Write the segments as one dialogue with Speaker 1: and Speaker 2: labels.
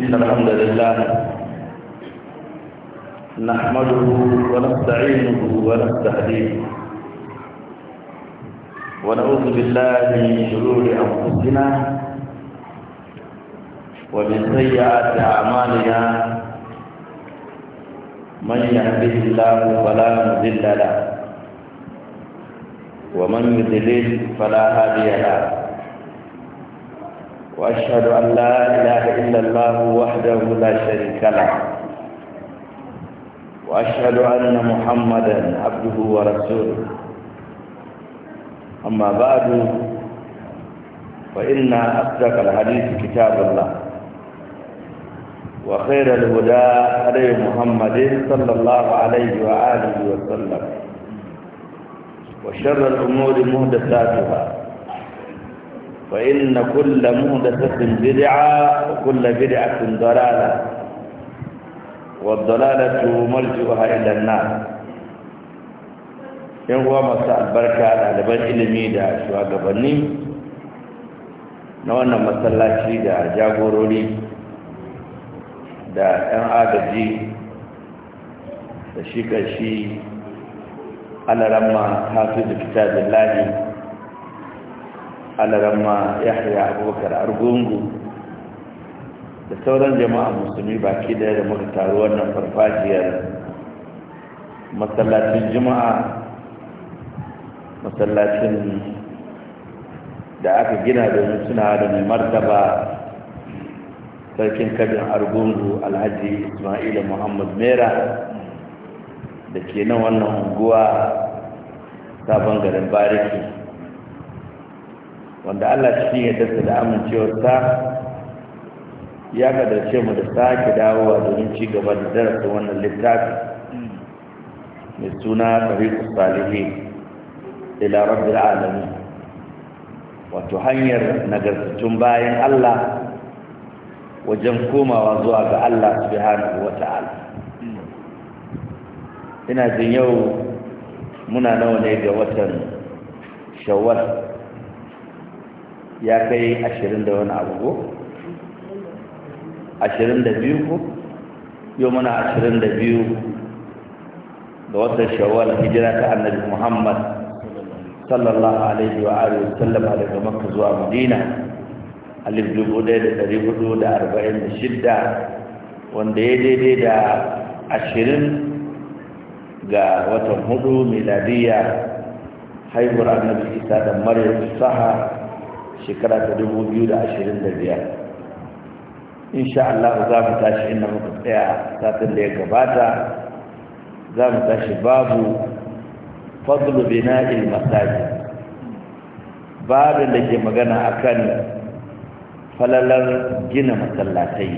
Speaker 1: إن الحمد لله نحمده ونستعينه ونستهديه ونعوذ بالله من شرور أنفسنا ومن سيئات أعمالنا من يهده الله فلا مضل له ومن يضلل فلا هادي له وأشهد أن لا إله إلا الله وحده لا شريك له وأشهد أن محمدا عبده ورسوله أما بعد فإن أصدق الحديث كتاب الله وخير الهدى هدي محمد صلى الله عليه وآله وسلم وشر الأمور مهدساتها فإن كل مهدسة بدعة وكل بدعة ضلالة والضلالة مرجئها إلى النار yan uwa masu albarka ɗaliban ilimi da shugabanni na wannan masallaci da jagorori da 'yan agaji da shi ƙashi alaramma hafi da kitabin lalini alarama yahya abubakar argungu da sauran jama'a musulmi baki daya da muka taru wannan farfajiyar masallacin juma'a masallacin da aka gina domin suna da mai martaba sarkin kabin argungu alhaji ismaila muhammad mera da ke nan wannan unguwa sabon garin bariki wanda Allah shi ya dasa da amincewarsa ya kadarce mu da sake dawowa domin ci gaba da darasa wannan littafi mai suna tariqus salihin ila rabbil alami wato hanyar nagartattun bayan Allah wajen komawa zuwa ga Allah subhanahu wata'ala ina jin yau muna nawa ne ga watan Shawar. ya kai ashirin da wani abu ashirin da biyu ko yau muna ashirin da biyu da wata shawar hijira ta annabi muhammad sallallahu alaihi wa alihi wa sallama daga makka zuwa madina alif dubu ɗaya da ɗari hudu da arba'in da shidda wanda ya daidai da ashirin ga watan hudu miladiya haihuwar annabi isa da maryam saha shekara ta dubu biyu da da biyar. insha Allah za mu tashi inda muka tsaya satin da ya gabata za mu tashi babu fadlu bina'il masaji babin da ke magana akan falalar gina masallatai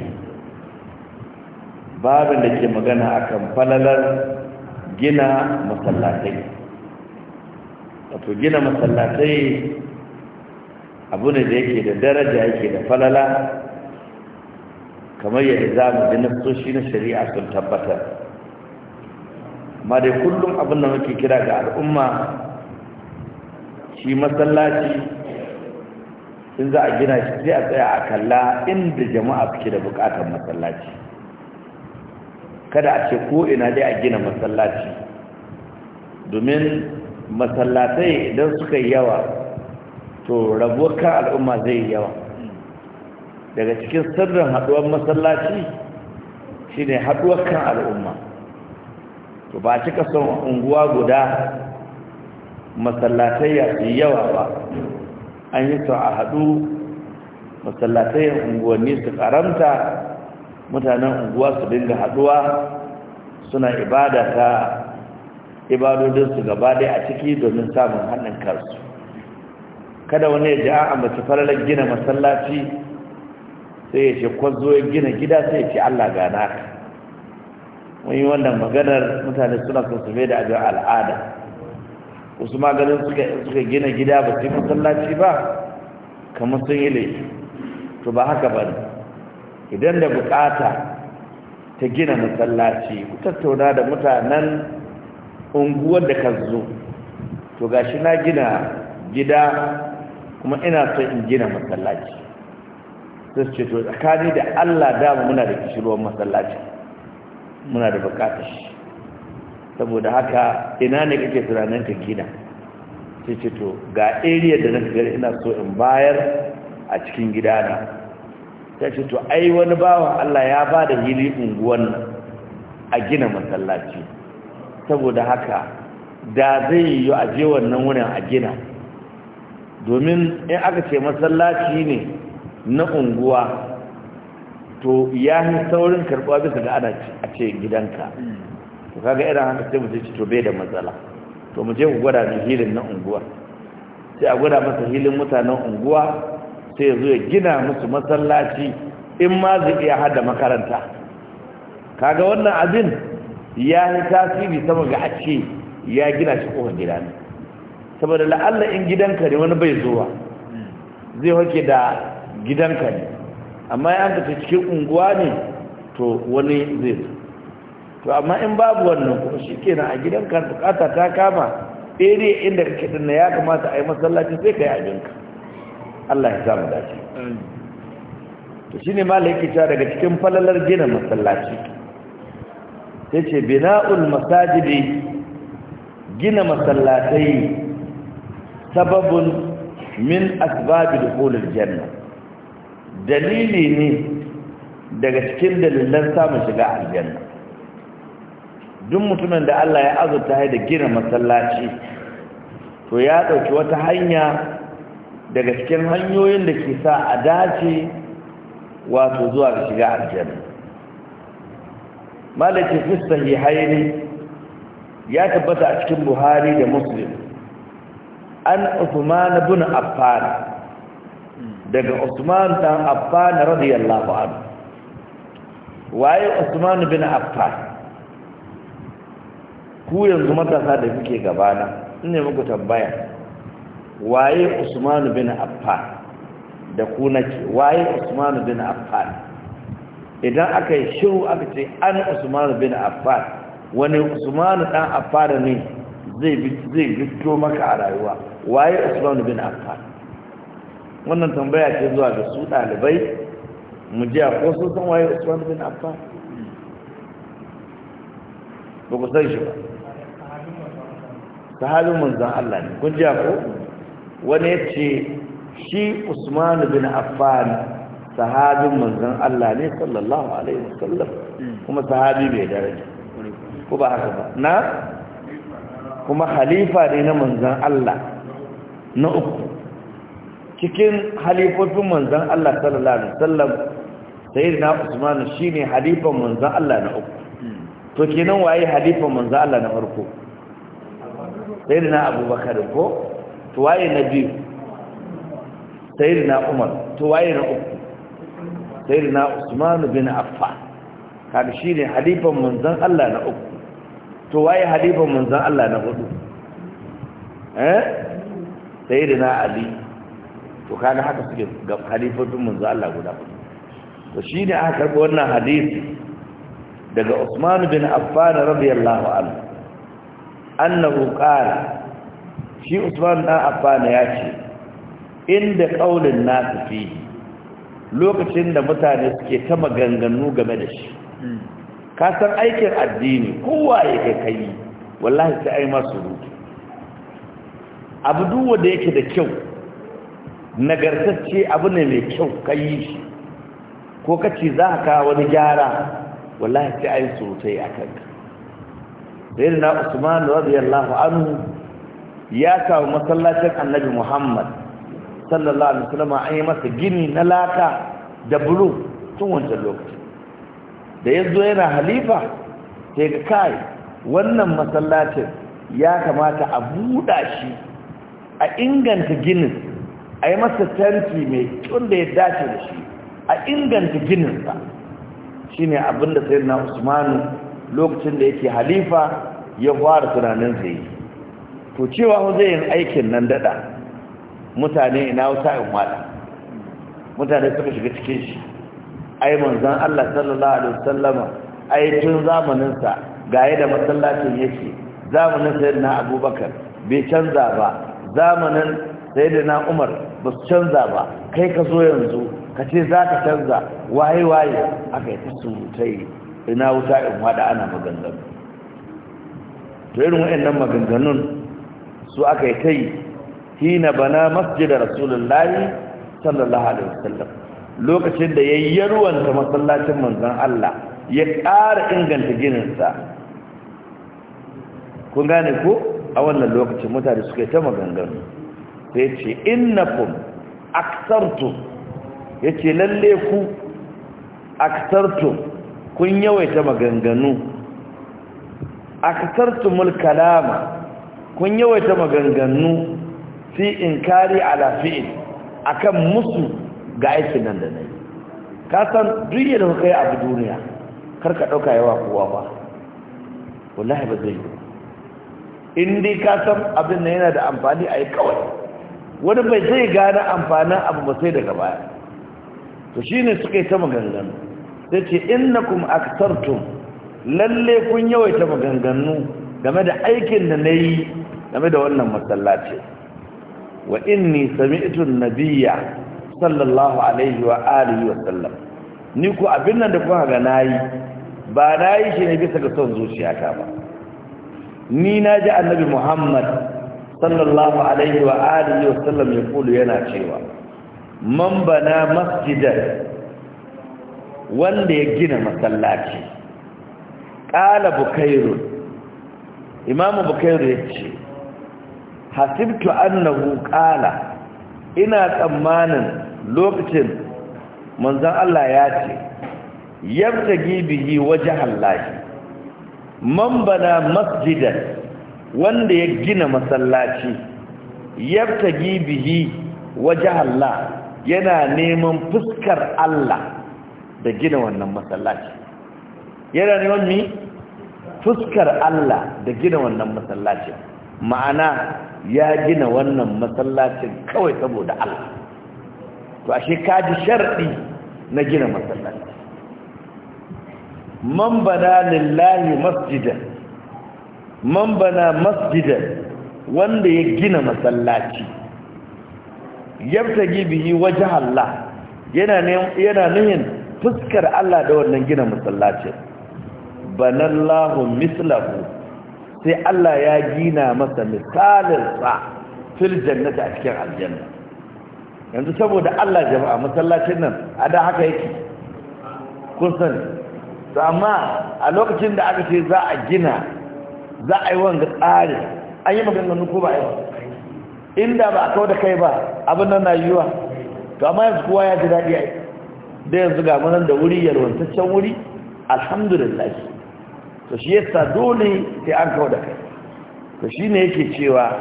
Speaker 1: babin da ke magana akan falalar gina masallatai wato gina masallatai abu ne da yake da daraja yake da falala kamar yadda za mu ji nufsoshi na shari'a sun tabbatar amma dai kullum abin da muke kira ga al'umma shi masallaci in za a gina shi sai a tsaya a kalla inda jama'a suke da bukatar masallaci kada a ce ko ina dai a gina masallaci domin masallatai idan suka yi yawa to rabuwar kan al'umma zai yi yawa daga cikin sirrin haduwar masallaci shi ne haduwar kan al'umma to ba cika son unguwa guda masallatayya su yawa ba an yi to a haɗu masallatayya unguwanni su karanta, mutanen unguwa su dinga haduwa suna ibada ta ibadodinsu gaba dai a ciki domin samun hannun kansu kada wani ya ji a mace fararen gina masallaci sai ya ce kwazo ya gina gida sai ya ce Allah gana ka mun wannan maganar mutane suna son da abin al'ada wasu maganin suka gina gida ba su masallaci ba kamar sun yi laifi to ba haka ba idan da bukata ta gina masallaci ku tattauna da mutanen unguwar da ka zo to gashi na gina gida kuma ina so in gina masallaci sai ce to tsakani da Allah dama muna da kishirwar masallaci muna da bukatar shi saboda haka ina ne kake tunanin ka gina sai ce to ga area da nake gari ina so in bayar a cikin gidana sai ce to ai wani bawan Allah ya ba da hili unguwan nan a gina masallaci saboda haka da zai yi a je wannan wurin a gina domin in aka ce masallaci ne na unguwa to ya yi saurin karɓuwa bisa ga ana a ce gidanka to kaga irin haka sai mu ci to bai da matsala to mu je ku gwada da hilin na unguwa sai a gwada masa hilin mutanen unguwa sai ya zo ya gina musu masallaci in ma zai iya hada makaranta kaga wannan abin ya yi tasiri sama ga a ce ya gina shi kofar gida ne saboda la'alla in gidanka ne wani bai zuwa zai hake da gidanka ne amma ya hanka cikin unguwa ne to wani zai zo to amma in babu wannan kuma shi kenan a gidanka bukata ta kama ɗaya inda kake dinna ya kamata a yi masallaci sai ka yi abinka Allah ya samu dace to shine malaka ta daga cikin falalar gina masallaci sai ce bina'ul masajidi gina masallatai sababun min asbabi دخول janna dalili ne daga cikin dalilan samun shiga aljanna duk mutumin da Allah ya azurta da gina masallaci to ya dauki wata hanya daga cikin hanyoyin da ke sa a dace wato zuwa ga shiga aljanna malaki fi sahihaini ya tabbata a cikin buhari da muslim an Uthman ibn Affan daga Uthman dan Affan radiyallahu anhu waye Uthman ibn Affan ku yanzu matasa da kuke gabana ne muku tambaya waye Uthman ibn Affan da ku nake waye Uthman ibn Affan idan aka yi shiru aka ce an Uthman ibn Affan wani Uthman dan Affan ne zai fito maka a rayuwa waye usman bin affan wannan tambaya ce zuwa ga su dalibai mu ji a ko sun san waye usman bin affan ba ku san shi ba ta halin manzan Allah ne kun ji a ko wani ya ce shi usman bin affan sahabin manzan Allah ne sallallahu alaihi wasallam kuma sahabi bai daraja ko ba haka ba na kuma khalifa ne na manzan Allah na uku cikin halifofin manzan Allah sallallahu alaihi wasallam sayyidina Usman shine halifan manzan Allah na uku to kenan waye halifan manzan Allah na farko sayyidina Abubakar ko to waye na biyu sayyidina Umar to waye na uku sayyidina Usman bin Affan kaga shine halifan manzan Allah na uku to waye halifan manzan Allah na hudu eh sayyidina ali to kaga haka suke ga Khalifatun manzo Allah guda to shine aka karbo wannan hadisi daga Usman bin Affan radiyallahu anhu annahu qala shi Usman da Affan ya ce inda qaulin nasu fi lokacin da mutane suke ta maganganu game da shi hmm. ka san aikin addini kowa yake kai kai wallahi sai ai masu rubutu abu duk wanda yake da kyau nagartacce abu ne mai kyau kai shi ko kace za ka wani gyara wallahi sai ayi surutai akan ka na Usman radiyallahu anhu ya samu masallacin Annabi Muhammad sallallahu alaihi wasallam an yi masa gini na laka da bulu tun wancan lokaci da yazo yana halifa sai ga kai wannan masallacin ya kamata a buɗa shi a inganta ginin a yi masa tanti mai kyau da ya dace da shi a inganta gininsa shi ne abinda sai na usmanu lokacin da yake halifa ya fara tunanin zai to cewa zai yin aikin nan dada mutane ina wuta in mata mutane suka shiga cikin shi ai manzan Allah sallallahu alaihi wasallama ai tun zamaninsa ga da masallacin yake zamanin na Abubakar bai canza ba zamanin sayyidina Umar ba su canza ba kai ka zo yanzu ka ce za ka canza waye waye aka yi ta surutai ina wuta in wada ana maganganu to irin waɗannan maganganun su aka yi ta yi hina bana masjidar rasulullahi sallallahu alaihi wasallam lokacin da ya yarwanta masallacin manzon Allah ya ƙara inganta gininsa kun gane ko a wannan lokacin mutane suka yi ta maganganu sai ce innakum aksartum ya ce lalle ku aksartun kun yawai ta maganganu Aksartun mulkalama kun yawai ta maganganu fi inkari ala a kan musu ga aikin nan da nai ka san duk yadda kuka yi abu duniya karka ɗauka yawa kowa ba wallahi ba zai yi in dai ka san abin nan yana da amfani a yi kawai wani bai zai gane amfanin abu ba sai daga baya to shi ne suka yi ta maganganu da ce in kuma aktartum lalle kun yawai ta maganganu game da aikin da na yi game da wannan masallaci wa inni sami'tun Nabiya sallallahu alaihi wa alihi wa sallam ni ku abin nan da kuma ga na yi, ba na yi shi ne bisa ga son zuciyata ba ni na ji annabi muhammad sallallahu alaihi wa alihi wa sallam ya kulu yana cewa man bana masjidan wanda ya gina masallaci ƙala bukairu imamu bukairu ya ce hasibtu annahu ƙala ina tsammanin lokacin manzan Allah ya ce yabta gibihi wajen man bana masjidan wanda ya gina masallaci yabta gibihi waje Allah yana neman fuskar Allah da gina wannan masallaci yana neman mi fuskar Allah da gina wannan masallaci ma'ana ya gina wannan masallacin kawai saboda Allah to ashe ka ji sharɗi na gina masallaci man bana lillahi masjidan man bana masjidan wanda ya gina masallaci yabtagi bihi wajh Allah yana yana nuhin fuskar Allah da wannan gina masallacin banallahu mislahu sai Allah ya gina masa misalin sa fil jannati a cikin aljanna yanzu saboda Allah jama'a masallacin nan a da haka yake kun sani to amma a lokacin da aka ce za a gina za a yi wanga tsari an yi maganganu ko ba yi inda ba a kawo da kai ba abin nan na yiwuwa to amma yanzu kowa ya ji daɗi a da yanzu ga manan da wuri yalwantaccen wuri alhamdulillah to shi yasa dole sai an kawo da kai to shi ne yake cewa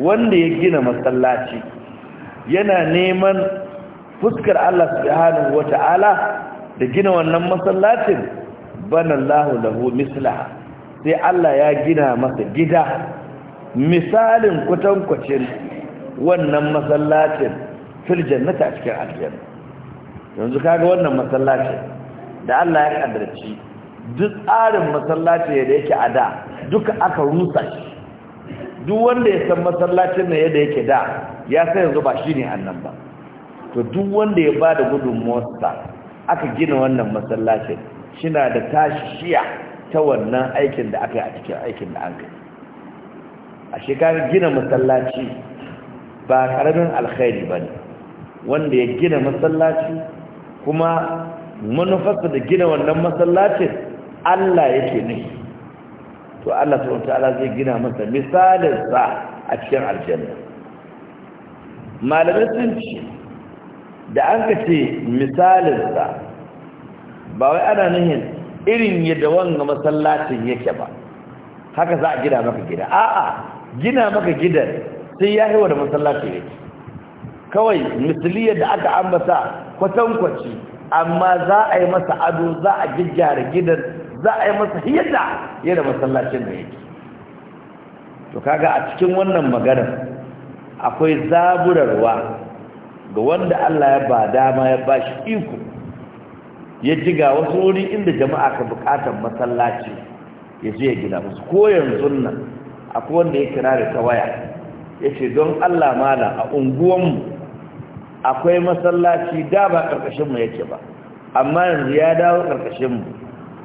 Speaker 1: wanda ya gina masallaci yana neman fuskar Allah subhanahu wata'ala da gina wannan masallacin banallahu lahu misla sai Allah ya gina masa gida misalin kwatankwacin wannan masallacin fil jannata a cikin aljanna yanzu kaga wannan masallacin da Allah ya kaddarci duk tsarin masallaci da yake a da duka aka rusa shi duk wanda ya san masallacin ne yadda yake da ya san yanzu ba shine annan ba to duk wanda ya bada gudunmuwarsa aka gina wannan masallacin shina da tashiya ta wannan aikin da aka yi a cikin aikin da an yi. a shekarar gina masallaci ba karamin alkhairi ba ne wanda ya gina masallaci kuma manufarsa da gina wannan masallacin Allah yake nufi to Allah ta'ala zai gina masa misalin sa a cikin aljanna malamai sun ce da an ka ce misalinsa ba wai ana nihin irin yadda wanga masallacin yake ba haka za a gina maka gida a'a gina maka gidan sai ya hewa da masallacin yake kawai misaliyar da aka ambata kwatankwaci amma za a yi masa ado za a gijjara gidan za a yi masa ya yadda masallacin da yake to kaga a cikin wannan maganar akwai zaburarwa ga wanda Allah ya ba dama ya ba shi iko ya jiga wasu wuri inda jama'a ka bukatar masallaci ya je ya gina musu ko yanzu nan akwai wanda ya kira da ta waya ya ce don Allah mala a unguwanmu akwai masallaci da ba ya yake ba amma yanzu ya dawo mu,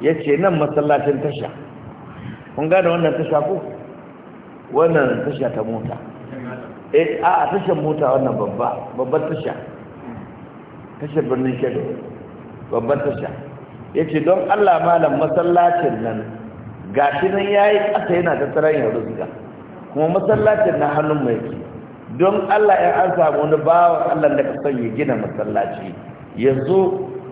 Speaker 1: ya ce nan masallacin tasha kun gane wannan tasha ko wannan tasha ta mota Eh, a a tashar mota wannan babba babbar tasha tashar birnin kedo babbar tasha ya ce don allah malam masallacin nan shi nan ya yi ƙasa yana ta tsaron ruzga kuma masallacin na hannun mai ke don allah ya an samu wani bawan allah da ka son ya gina masallaci yanzu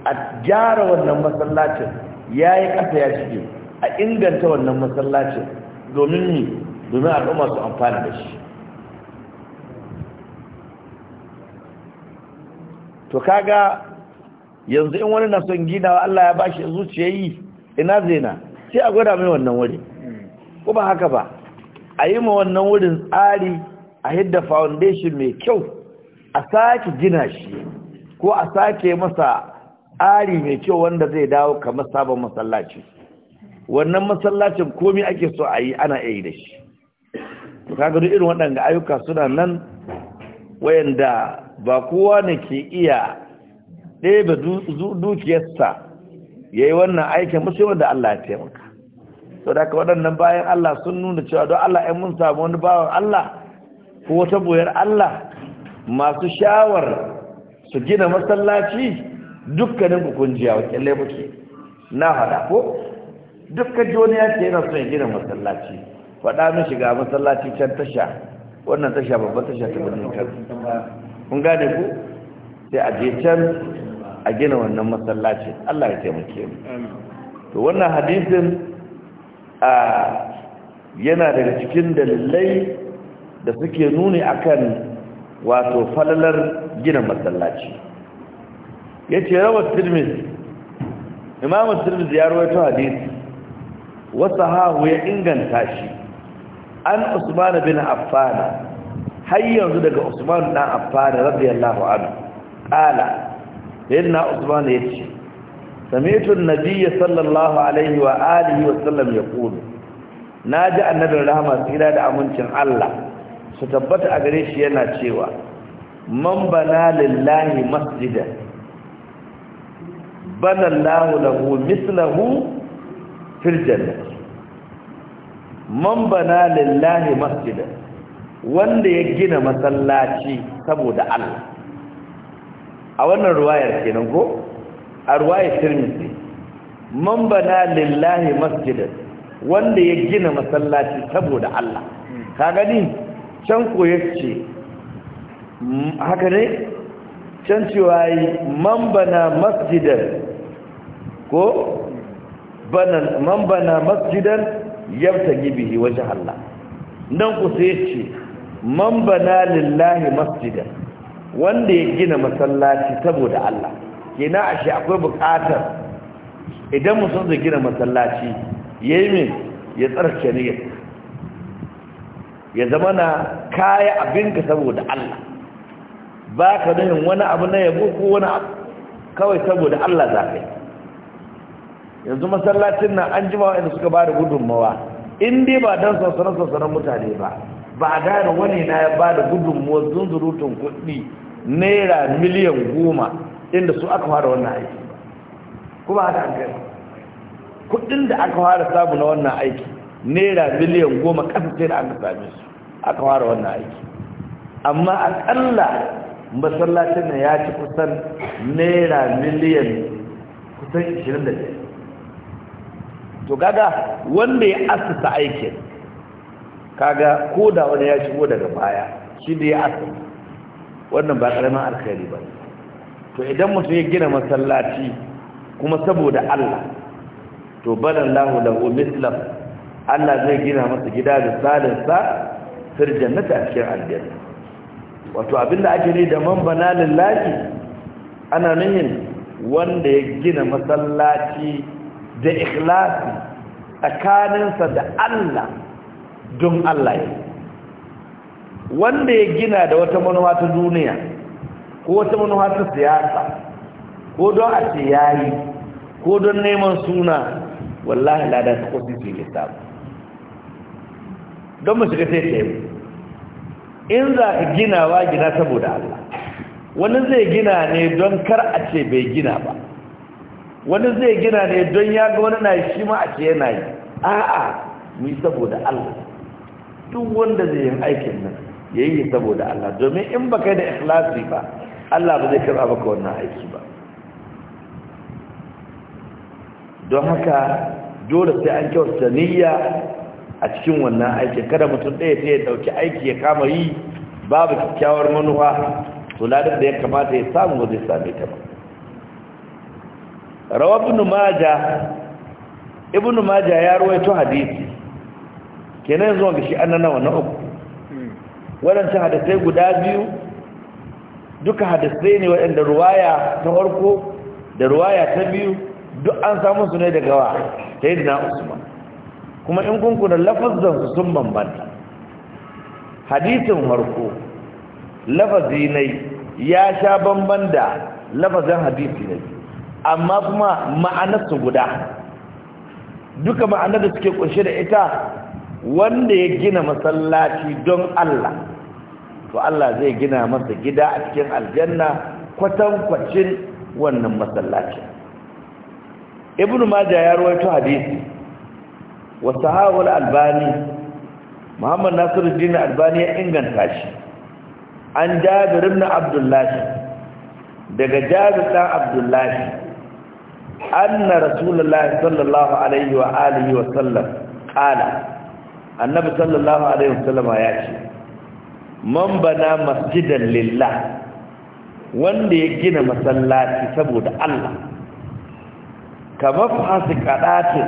Speaker 1: a gyara wannan masallacin ya yi ƙasa ya shige a inganta wannan masallacin domin ni domin al'umma su amfani da shi to kaga yanzu in wani na son ginawa Allah ya ba shi bashi yi ina zina sai a gwada mai wannan wuri ko ba haka ba a yi ma wannan wurin tsari a hidda foundation mai kyau a sake gina shi ko a sake masa tsari mai kyau wanda zai dawo kamar sabon masallaci wannan masallacin komi ake so a yi ana yi da shi to kaga duk irin waɗanda ayyuka suna nan wayanda ba kowa ne ke iya ɗebe dukiyarsa ya yi wannan aikin musulman da Allah ya taimaka sau da waɗannan bayan Allah sun nuna cewa don Allah ‘yan mun samu wani bawan Allah ko wata boyar Allah masu shawar su gina masallaci dukkanin kukunjiya wakilai muke na hada ko dukkan joni ya ce yana son ya gina masallaci faɗa min shiga masallaci can tasha wannan tasha babban tasha ta birnin kan kun gane ku sai a je can a gina wannan masallaci Allah ya taimake mu to wannan hadisin a yana daga cikin dalilai da suke nuni akan wato falalar gina masallaci yace rawat tirmidhi imam tirmidhi ya rawaito hadisi Wasu hahu ya inganta shi an usman bin affan har yanzu daga usman na affan radiyallahu anhu qala sayyidina usman yace sami'tu an Nabiya sallallahu alaihi wa alihi wa sallam yaqulu ji annabi rahama tsira da amincin Allah su tabbata a gare shi yana cewa man bana lillahi masjida bana lahu lahu mislahu fil jannah man bana lillahi masjida wanda ya gina masallaci saboda Allah a wannan ruwayar kenan ko a ruwayar Tirmidhi man bana lillahi masjidan wanda ya gina masallaci saboda Allah ka gani can ko yace hmm, haka ne can cewa man bana masjidan ko banan man bana masjidan yabtagi bihi wajh Allah nan ku sai yace man bana lillahi masjida wanda ya gina masallaci saboda Allah kina ashe akwai bukatar idan mutum zai gina masallaci yayi min ya tsarkake ne ya zama na kaya abinka saboda Allah ba ka nuhin wani abu na yabo ko wani abu kawai saboda Allah za ka yi yanzu masallacin nan an jima waɗanda suka ba da gudunmawa in dai ba don sassanar-sassanar mutane ba ba a gane wani na ya ba da gudunmuwar zunzurutun kudi naira miliyan goma inda su aka fara wannan aiki kuma haka an gani kuɗin da aka fara samu na wannan aiki naira miliyan goma ƙasa ce da aka same su aka fara wannan aiki amma akalla masallacin nan ya ci kusan naira miliyan kusan 20 to gaga wanda ya asusa aikin kaga ko da wani ya shigo daga baya shi da ya asa, wannan ba karamin alkhairi ba to idan mutum ya gina masallaci kuma saboda Allah to balallahu lahu mislam Allah zai gina masa gida da sa sir jannata cikin aljanna wato abinda ake ne da man bana ana nuhin wanda ya gina masallaci da ikhlasi tsakaninsa da Allah don Allah yi, wanda ya gina da wata manuwa ta duniya ko wata manuwa ta siyasa ko don a ce yi ko don neman suna wallahi lada ta kwasi su yi sabu don mu shiga sai tsaye in za ka gina wa gina saboda Allah wani zai gina ne don kar a ce bai gina ba wani zai gina ne don ya ga wani na shi ma a ce yana yi a'a mu yi saboda Allah duk wanda zai yin aikin nan ya yayi saboda Allah domin in baka da ikhlasi ba Allah ba zai karba maka wannan aiki ba don haka dole sai an kyauta niyya a cikin wannan aikin kada mutum ɗaya sai ya dauki aiki ya kama yi babu kyakkyawar manufa to ladar da ya kamata ya samu ba zai same ta ba rawa ibn ibn maja ya ruwaito hadisi kenan yanzu wanda shi annana wa na uku waɗancan hadisai guda biyu duka hadisai ne waɗanda ruwaya ta farko da ruwaya ta biyu duk an samu su ne daga wa ta yi dina usman kuma in kunkunan su sun bambanta hadisin farko lafazi ne ya sha bamban da lafazin hadisi ne amma kuma ma'anarsu guda duka ma'anar da suke kunshe da ita wanda ya gina masallaci don Allah to Allah zai gina masa gida a cikin aljanna kwatankwacin wannan masallaci ibn majah ya rawaito hadisi wa sahawul albani muhammad nasiruddin albani ya inganta shi an jabir ibn abdullahi daga jabir dan abdullahi anna rasulullahi sallallahu alaihi wa alihi wa sallam qala annabi sallallahu alaihi wasallam ya ce man bana masjidan lillah wanda ya gina masallaci saboda Allah kamar fasi kadatin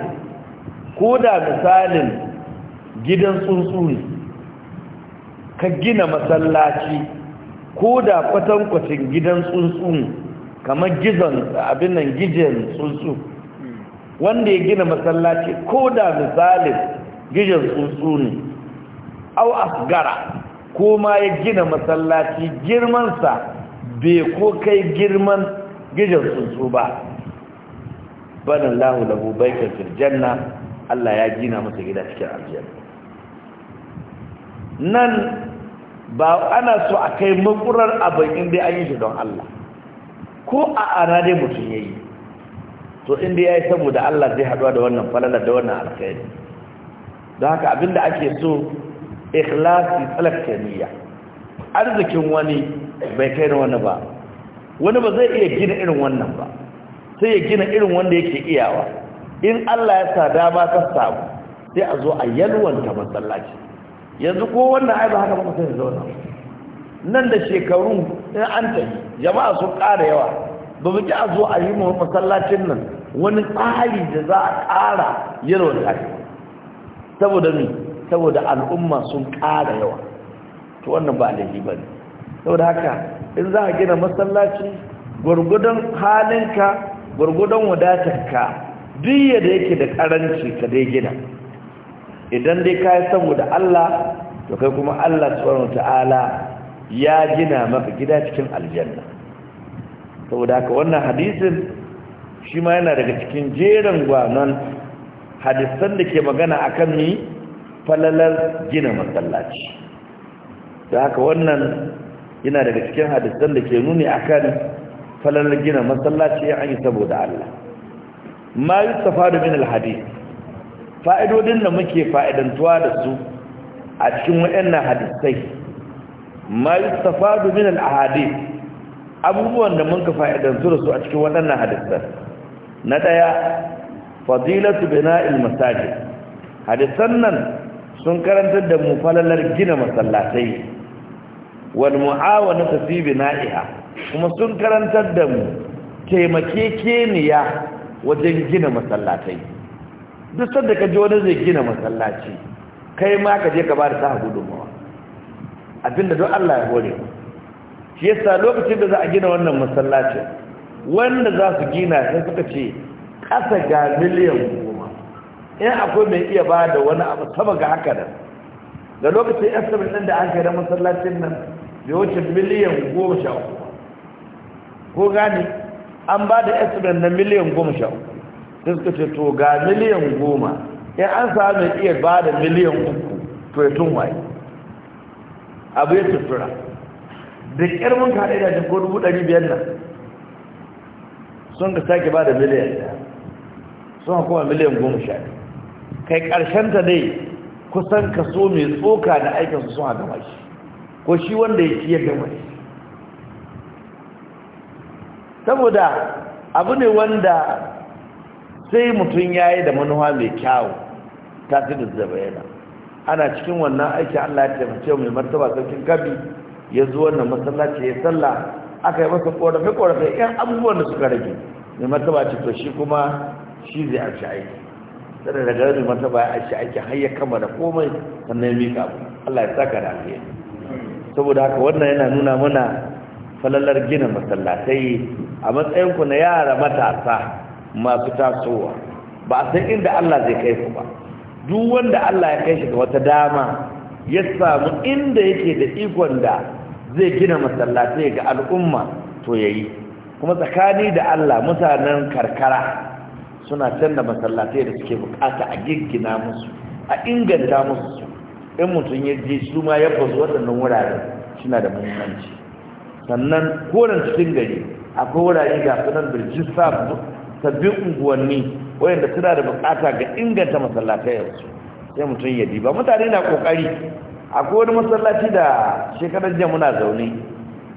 Speaker 1: ko da misalin gidan tsuntsuri ka gina masallaci ko da kwatankwacin gidan tsuntsun kamar gizon abin nan gidan tsuntsu wanda ya gina masallaci ko da misalin gidan tsuntsu ne au asgara ko ma ya gina masallaci girmansa bai ko kai girman gijan tsuntsu ba banan lahu lahu janna Allah ya gina masa gida cikin aljanna nan ba ana so a kai makurar abin inda an yi shi don Allah ko a ana dai mutum yayi to inda yayi saboda Allah zai haɗuwa da wannan falala da wannan alkhairi don haka abinda ake so ikhlasi tsalaka niyya arzikin wani bai kai da wani ba wani ba zai iya gina irin wannan ba sai ya gina irin wanda yake iyawa in Allah ya sa ba ka samu sai a zo a yalwanta masallaci yanzu ko wannan ai ba haka ba sai zauna nan da shekaru in an tafi jama'a sun ƙara yawa ba mu ki a zo a yi mu masallacin nan wani tsari da za a ƙara yalwanta shi saboda mi saboda al'umma sun ƙara yawa to wannan ba laifi ba ne saboda haka in za a gina masallaci gwargwadon halinka gwargwadon wadatarka duk da yake da ƙaranci ka dai gina idan dai ka yi saboda Allah to kai kuma Allah subhanahu ta'ala ya gina maka gida cikin aljanna saboda haka wannan hadisin shi ma yana daga cikin jerin gwanon hadisan da ke magana akan ni falalar gina masallaci da haka wannan yana daga cikin hadisan da ke nuni akan falalar gina masallaci ya an yi saboda Allah ma yi safari min alhadis fa'idodin da muke fa'idantuwa da su a cikin waɗannan hadisai ma yi safari min alhadis abubuwan da mun ka fa'idantu da su a cikin waɗannan hadisai na ɗaya fadilatu bina'il masajid hadisan nan sun karantar da mu falalar gina masallatai wal mu'awanatu fi bina'iha kuma sun karantar da mu keniya wajen gina masallatai duk sanda ka ji wani zai gina masallaci kai ma ka je ka ba da ta gudunmawa abinda don Allah ya hore shi yasa lokacin da za a gina wannan masallacin wanda za su gina sai suka ce ƙasa ga miliyan goma in akwai mai iya ba da wani abu sama ga haka da, da lokacin estimate ɗin da an kai da masallacin nan bai wuce miliyan goma sha uku ko gani an ba da estimate na miliyan goma sha uku sai suka ce to ga miliyan goma in an samu iya ba da miliyan uku to ya tun waye abu ya tattara da ƙirmin mun kaɗa da ko dubu ɗari biyar nan sun ka sake ba da miliyan ɗaya suna kuma miliyan goma sha kai ta dai kusan kaso mai tsoka da aikinsu suna gama shi ko shi wanda ya ci ya gama saboda abu ne wanda sai mutum ya yi da manuwa mai kyawu ta fi da zabayana ana cikin wannan aiki allah ya taimake mai martaba sarkin gabi ya zo wannan masallaci ya sallah aka yi masa ƙorafe-ƙorafe 'yan abubuwan da suka rage mai martaba ce to shi kuma shi zai a shi aiki tsara da gari mata baya a shi aiki har ya kama da komai sannan ya mika abu Allah ya saka da alheri saboda haka wannan yana nuna mana falalar gina masallatai a matsayinku na yara matasa masu tasowa ba san inda Allah zai kai ku ba duk wanda Allah ya kai shi ga wata dama ya samu inda yake da ikon da zai gina masallatai ga al'umma to yayi kuma tsakani da Allah mutanen karkara suna canza masallatai da suke bukata a giggina musu a inganta musu in mutum ya je su ma ya bazu waɗannan wuraren suna da muhimmanci sannan koren cikin gari akwai wurare ga sunan birjin sabbin unguwanni wayanda suna da bukata ga inganta masallatai yanzu sai mutum ya diba mutane na kokari akwai wani masallaci da shekarar jiya muna zaune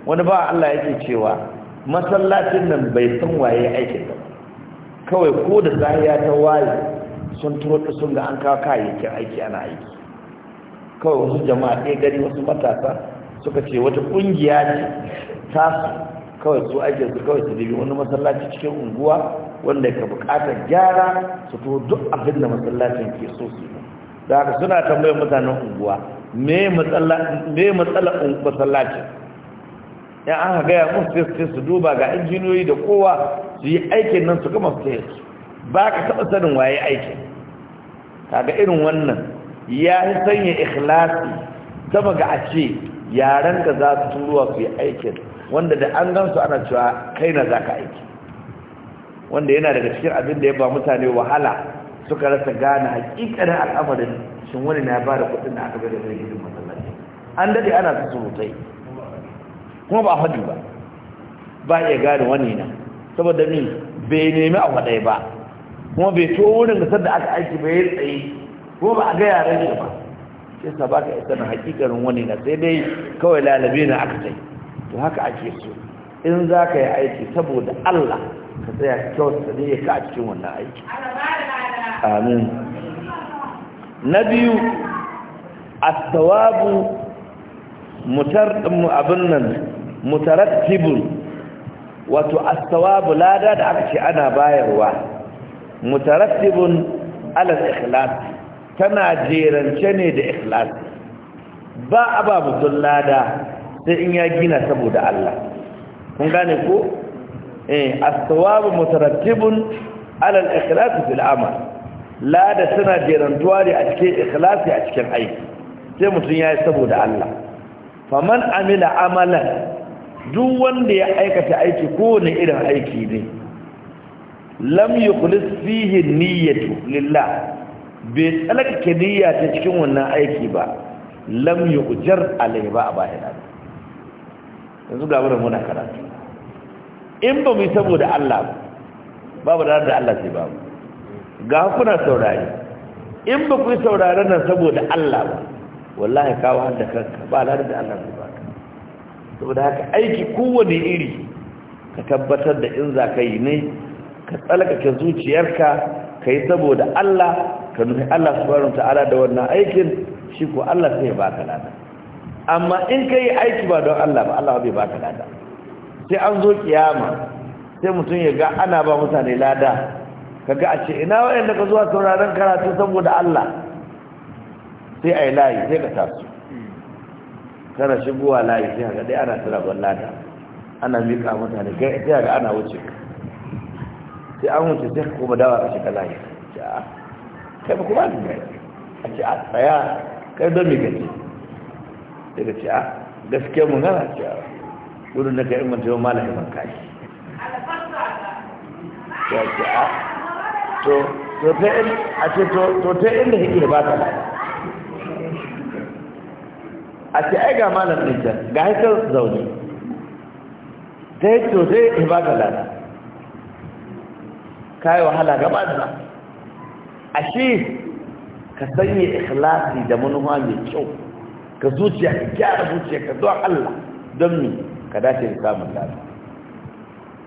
Speaker 1: wani ba Allah yake cewa masallacin nan bai san waye aikin ba kawai ko da zahiya ta waye sun turo da sun ga an kawo kayayyakin aiki ana aiki kawai wasu jama'a ɗaya gari wasu matasa suka ce wata ƙungiya ne ta kawai su ake su kawai su dabi wani masallaci cikin unguwa wanda ka buƙatar gyara su to duk abin da masallacin ke so su yi da haka suna tambayar mutanen unguwa me matsala masallacin yan an gaya mun sai su duba ga injiniyoyi da kowa su yi aikin nan su gama su su ba ka taɓa sanin waye aikin kaga irin wannan ya yi sanya ikhlasi zama ga a ce yaren ka za su turuwa su yi aikin wanda da an gansu ana cewa kai na za ka aiki wanda yana daga cikin abin da ya ba mutane wahala suka rasa gane hakikanin al'amarin shin wani na ba da kudin da aka gada zai masallaci an dade ana su surutai kuma ba hajji ba ba iya gane wani na saboda min bai nemi a wadai ba kuma bai to wurin da sadda aka aiki bai yi tsaye kuma ba a ga yaren shi ba sai sa baka isa na hakikarin wani na sai dai kawai lalabe na aka tsaye to haka ake so in za ka yi aiki saboda Allah ka tsaya kyauta ne ka a cikin wannan aiki
Speaker 2: amin na biyu
Speaker 1: a tawabu mutar abin nan mutarattibun wato as lada da aka ce ana bayarwa mutarattibun ala al-ikhlas tana jerance ne da ikhlas ba a ba mutum lada sai in ya gina saboda Allah kun gane ko eh as-sawabu mutarattibun ala ikhlas fil amal lada tana jerantuwa ne a cikin Ikhlas a cikin aiki sai mutum ya yi saboda Allah faman amila amalan duk wanda ya aikata aiki kowane irin aiki ne lam yukhlis fihi niyyatu lillah bai tsalaka niyya ta cikin wannan aiki ba lam yujar alai ba a bayan da yanzu ga wurin muna karatu in ba mu yi saboda Allah babu da da Allah sai babu ga kuna saurari in ba ku yi sauraron nan saboda Allah ba wallahi kawo hadda kanka ba da Allah ba saboda haka aiki kowane iri ka tabbatar da in za ka yi ne ka tsalkake zuciyarka ka yi saboda Allah ka nufi Allah subhanahu ta'ala da wannan aikin shi ko Allah sai ya baka lada amma in ka yi aiki ba don Allah ba Allah bai baka lada sai an zo kiyama sai mutum ya ga ana ba mutane lada kaga a ce ina wayanda ka zuwa sauraron karatu saboda Allah sai ai layi sai ka taso tana shigowa layi sai haka dai ana tura ballata ana mika mutane kai sai ga ana wuce sai an wuce sai kuma dawa a shiga layi kai ba kuma su a ce a tsaya kai don ka daga ce a gaske mun gana ce a gudun da ka yi mantewa malaye ban kashi
Speaker 2: ya ce a to ta inda hikir ba ta lafiya a ce ai ga malam ɗin can ga haikar zaune
Speaker 1: zai to zai ba ga lada ka yi wahala gaba da shi ka sanya ikhlasi da manuwa mai kyau ka zuciya ka gyara zuciya ka zuwa Allah don mi ka dace da samun lada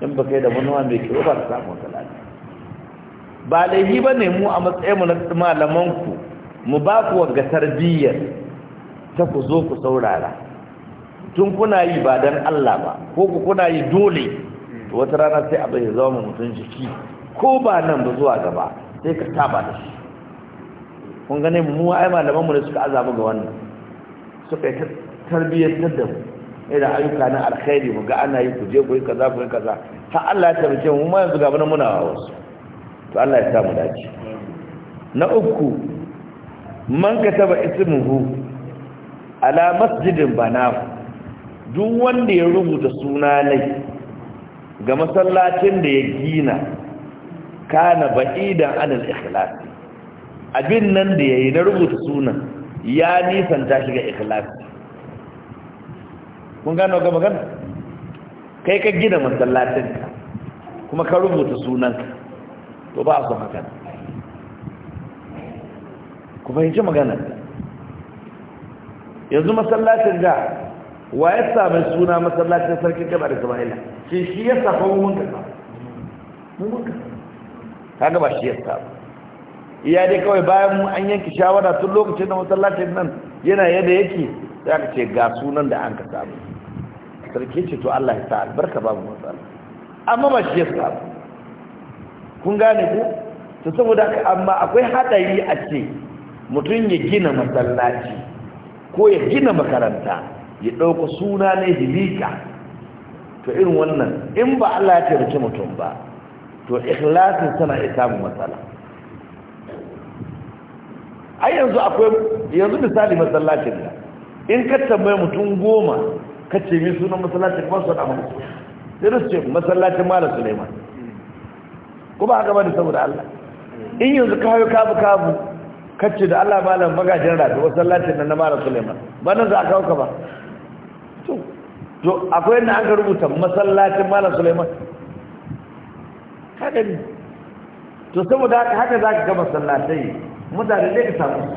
Speaker 1: in ba kai da manuwa mai kyau ba ka samun lada ba laifi ba ne mu a matsayin na malamanku mu ba ku gasar tarbiyyar ta ku zo ku saurara tun kuna yi ba dan Allah ba ko ku kuna yi dole to wata rana sai abin ya zama mutum jiki ko ba nan ba zuwa gaba sai ka taba da shi kun gane mu ai malaman mu ne suka azabu ga wannan suka yi tarbiyyar da mu da ayyuka na alkhairi mu ga ana yi ku je ku yi kaza ku yi kaza Ta Allah ya tabbace mu ma yanzu ga bana muna wasu to Allah ya sa mu dace na uku man kataba ismuhu ala masjidin banahu duk wanda ya rubuta suna nai ga masallacin da ya gina kana ba'idan anil ikhlas abin nan da yayi na rubuta sunan ya nisan ta shiga ikhlas kun gano ga magana kai ka gina masallacin ka kuma ka rubuta sunan ka to ba a so haka ku fahimci magana. yanzu masallacin da wa ya sami suna masallacin sarkin gaba da sama'ila shi shi ya safa mun kasa mun kasa ta gaba shi ya safa iya dai kawai bayan an yanki shawara tun lokacin da masallacin nan yana yadda yake za ka ce ga sunan da an ka samu sarki ce to Allah ya sa albarka babu matsala amma ba shi ya samu kun gane ku to saboda amma akwai hadari a ce mutum ya gina masallaci ko ya gina makaranta ya ɗauka suna ne hilika to irin wannan in ba Allah ya taimaki mutum ba to ikhlasin tana ya samun matsala ai yanzu akwai yanzu misali masallacin da in ka tambaye mutum goma ka ce mi sunan masallacin ba su da mutum sai su ce masallacin mala suleiman ko ba haka ba da saboda Allah in yanzu kayo kabu kabu kacce da Allah malam magajin rafi wasallacin nan na mara suleiman ba nan za a kawo ka ba to akwai yadda an ka rubuta masallacin Malam suleiman haka ne to saboda haka za ka ga masallatai mutane ne ka samu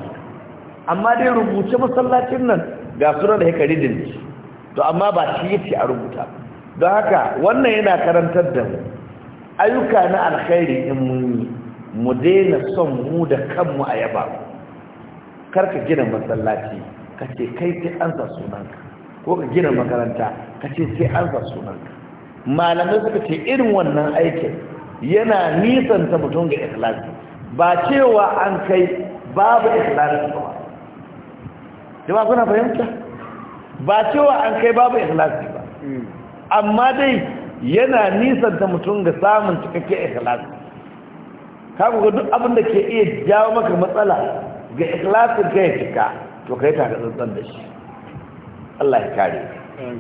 Speaker 1: amma dai rubuce masallacin nan ga suna da da din to amma ba shi yake a rubuta don haka wannan yana karantar da mu ayyuka na alkhairi in mun yi mu daina son mu da kanmu a yaba kar ka gina masallaci ka ce kai sai an sa sunanka ko ka gina makaranta ka ce sai an sa sunanka malamai suka ce irin wannan aikin yana nisanta mutum ga ikhlasi ba cewa an kai babu ikhlasi ba jama kuna fahimta ba cewa an kai babu ikhlasi ba hmm. amma dai yana nisanta mutum ga samun cikakken ikhlasi ka ga duk abin da ke iya jawo maka matsala ga ikhlasin ga ya cika to kai ta ga tsantsan da shi Allah ya kare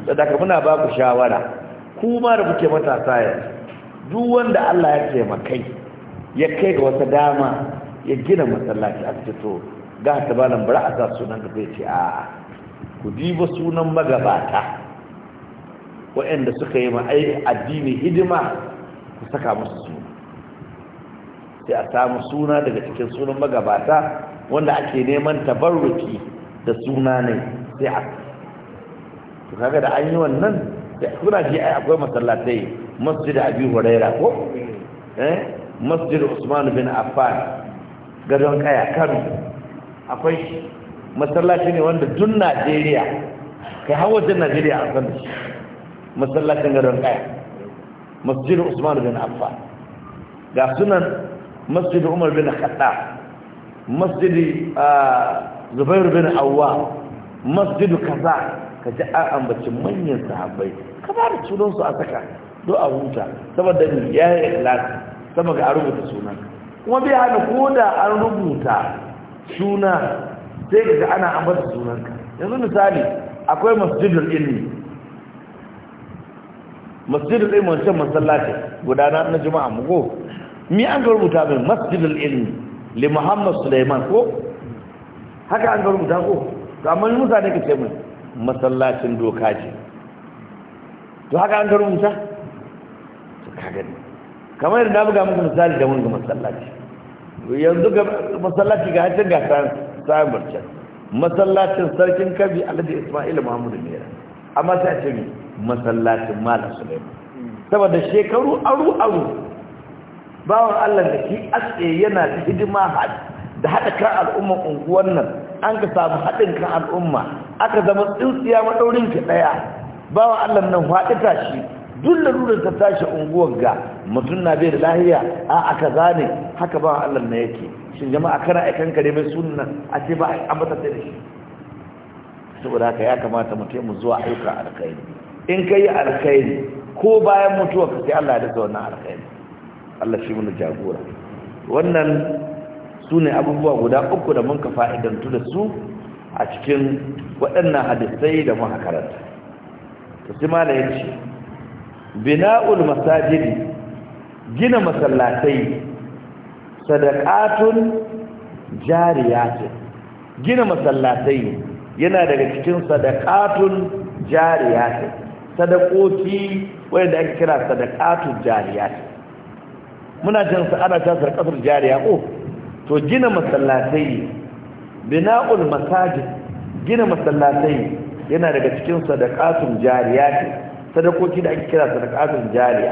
Speaker 1: ka muna ba ku shawara ku ma da kuke matasa yanzu duk wanda Allah ya taimakai ya kai ga wata dama ya gina masallaci a cikin to ga ta balan bara a sa sunan da zai ce a ku diba sunan magabata waɗanda suka yi ma'aikata addini hidima ku saka musu suna sai a samu suna daga cikin sunan magabata wanda ake neman tabarruki da suna ne sai a to kaga da an yi wannan kuna ji ai akwai masallatai masjid abi huraira ko eh masjid usman bin affan gadon kaya kano akwai masallaci ne wanda dun najeriya kai har wajen najeriya an san shi masallacin gadon kaya masjid usman bin affan ga sunan masjid umar bin khattab masjid zubair bin awwa masjid kaza ka ji an ambaci manyan sahabbai ka ba da sunansu a saka do a huta saboda ni ya yi ikhlas saboda a rubuta sunan kuma bai hana ko da an rubuta suna sai ka ana ambata sunanka yanzu misali akwai masjidul ilmi masjidul ilmi wancan masallaci gudana na juma'a mugo mi an ga rubuta mai masjidul ilmi li muhammad sulaiman ko haka an ga rubuta ko to amma musa ne kace min masallacin doka ce to haka an ga rubuta to gani. kamar na buga muku misali da ga masallaci yanzu ga masallaci ga hancin ga sa'an barcan masallacin sarkin kabi alhaji ismail muhammadu mera amma sai a ce masallacin malam sulaiman saboda shekaru aru aru bawan Allah da ki aske yana da hidima da haɗa kan al'umman unguwan nan an ka samu haɗin kan al'umma aka zama tsintsiya maɗaurin ki ɗaya bawan Allah nan faɗi shi duk larurar ta tashi unguwar ga mutum na bai da lahiya a aka zane haka bawan Allah na yake shin jama'a kana aikan ne mai sunan a ce ba a da shi saboda haka ya kamata mutum mu zuwa ayyukan alkhairi in kai alkhairi ko bayan mutuwa ka sai Allah ya dace wannan alkhairi Allah shi mana jagora wannan su ne abubuwa guda uku da mun ka fa'idantu da su a cikin waɗannan hadisai da mun karanta to sai malamin ce bina'ul masajidi gina masallatai sadaqatun jariyatun gina masallatai yana daga cikin sadaqatun jariyatun sadaqoti wanda ake kira sadaqatun jariyatun muna jin sa ana ta sarƙasar jariya ko oh, to gina masallatai bina'ul masajid gina masallatai yana daga cikin sadaqatul jariya ce sadakoki da ake kira sadaqatul jariya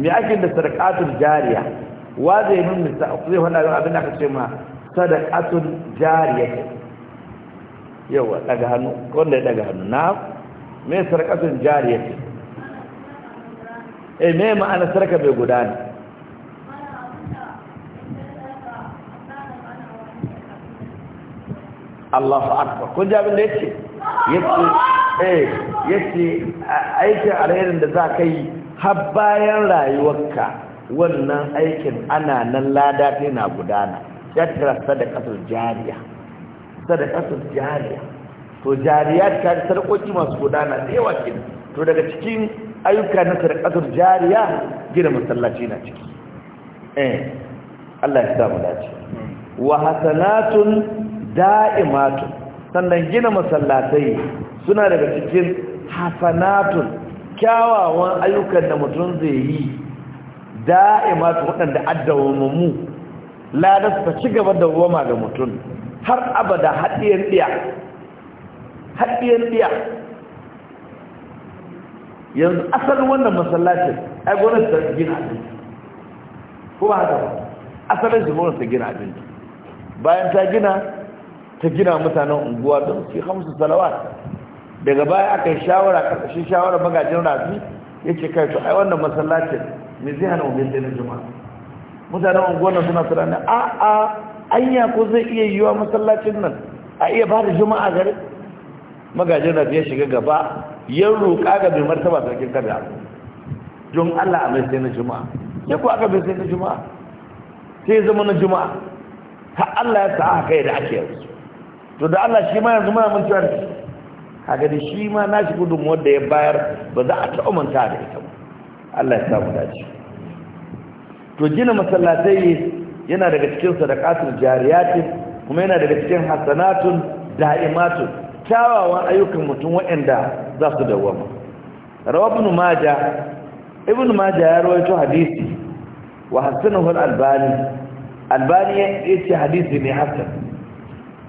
Speaker 1: me ake da sadaqatul jariya wa zai mun ta zai hana yau abin da aka ce ma sadaqatul jariya yawa daga hannu wanda ya daga hannu na me sadaqatul jariya ce eh me ma'ana sarka bai gudana Allah akbar kun ji abin da yake yake eh yake aikin alherin da za ka yi har bayan rayuwarka wannan aikin ana nan lada ta na gudana ya kira sadaqatul jariya sadaqatul jariya to jariya ta sarƙoƙi masu gudana da yawa ke to daga cikin ayyuka na sadaqatul jariya gina masallaci na ciki eh Allah ya sa mu dace hmm. wa hasanatun da'imatu sannan gina masallatai suna daga cikin hasanatun kyawawan ayyukan da mutum zai yi da'imatu waɗanda addawamamu ladar su ci gaba da goma ga mutum har abada haɗiyar ɗiya haɗiyar ɗiya yanzu asalin wannan masallacin ai gwamnati ta gina abinci ko ba haka ba asalin shi gwamnati ta gina abinci bayan ta gina ta gina mutanen unguwa don su hamsu salawat daga baya aka yi shawara ƙarƙashin shawara magajin rafi ya ce kai to ai wannan masallacin me zai hana umar na juma'a mutanen unguwa suna suna ne a a anya ko zai iya yiwa masallacin nan a iya ba da juma'a gare magajin rafi ya shiga gaba ya roƙa ga mai martaba sarkin kada don allah a mai sai na juma'a ya ku aka mai sai na juma'a sai zama na juma'a ta allah ya sa'a kai da ake yanzu to da Allah shi ma yanzu ma mun tsare kaga da shi ma na shi gudun wanda ya bayar ba za a ta umanta da ita ba Allah ya samu dace to gina masallatai yana daga cikin sadaqatul jariyatin kuma yana daga cikin hasanatun da'imatun kyawawan ayyukan mutum waɗanda za su dawama rawa ibn maja ibn maja ya rawaito hadisi wa hasanahu al-albani albani ya ce hadisi ne hasan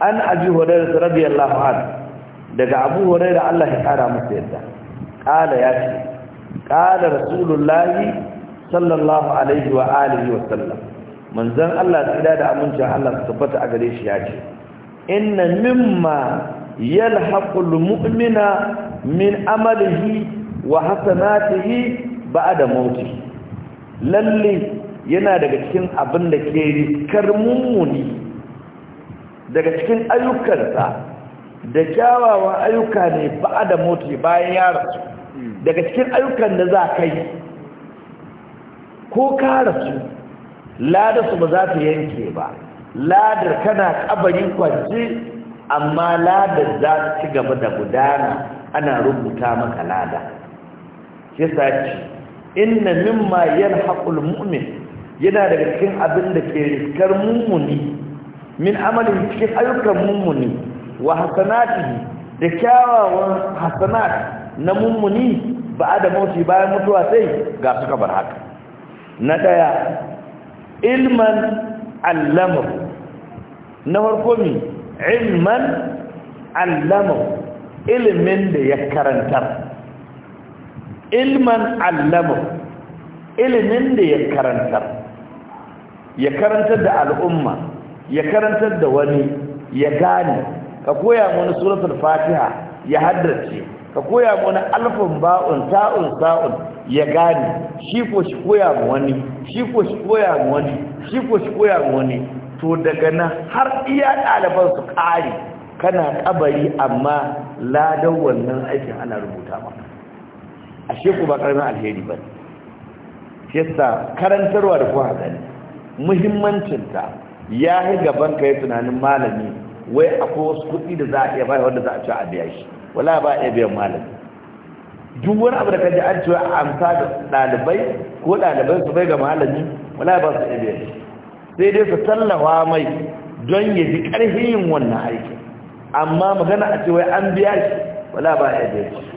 Speaker 1: an abi hurairah radiyallahu anhu daga abu hurairah Allah ya kara masa yadda kala ya ce kala rasulullahi sallallahu alaihi wa alihi wa sallam manzon Allah tsida da amincin Allah su tabbata a gare shi ya ce inna mimma yalhaqul mu'mina min amalihi wa hasanatihi ba'da mauti lalle yana daga cikin abin da ke rikar mummuni daga cikin ayyukansa da kyawawan ayyuka ne ba da moti bayan ya rasu daga cikin ayyukan da za ka yi ko ka rasu ladarsu ba za ta yanke ba ladar kana kabarin kwanci amma ladar za ta ci gaba da gudana ana rubuta maka lada ke sace inna mimma yalhaqul mu'min yana daga cikin abin da ke riskar mummuni min amalin cikin ayyukan mummuni wa hasanatihi da kyawawan hasanat na mummuni ba da mauti bayan mutuwa sai ga suka bar haka na daya ilman allamar, na farko mi ilman allamar, ilimin da ya karantar ilman allamar, ilimin da ya karantar ya karantar da al'umma ya karantar da wani ya gane ka koya wani suratul fatiha ya haddace ka koya wani alfun ba'un ta'un sa'un ya gane shi ko shi koya wani shi ko shi koya wani shi ko shi koya wani to daga nan har iya ɗaliban su ƙare kana kabari amma ladan wannan aikin ana rubuta ba ashe ku ba karamin alheri ba yasa karantarwa da kuwa gani muhimmancinta ya yi gaban ka yi tunanin malami wai akwai wasu kudi da za a iya bayar wanda za a ci a biya shi wala ba a iya biyan malami duk wani abu da kaji an ci a amsa da dalibai ko dalibai su bai ga malami wala ba su iya biyan shi sai dai su tallafa mai don ya ji ƙarfin yin wannan aikin amma magana a ce wai an biya shi wala ba a biya shi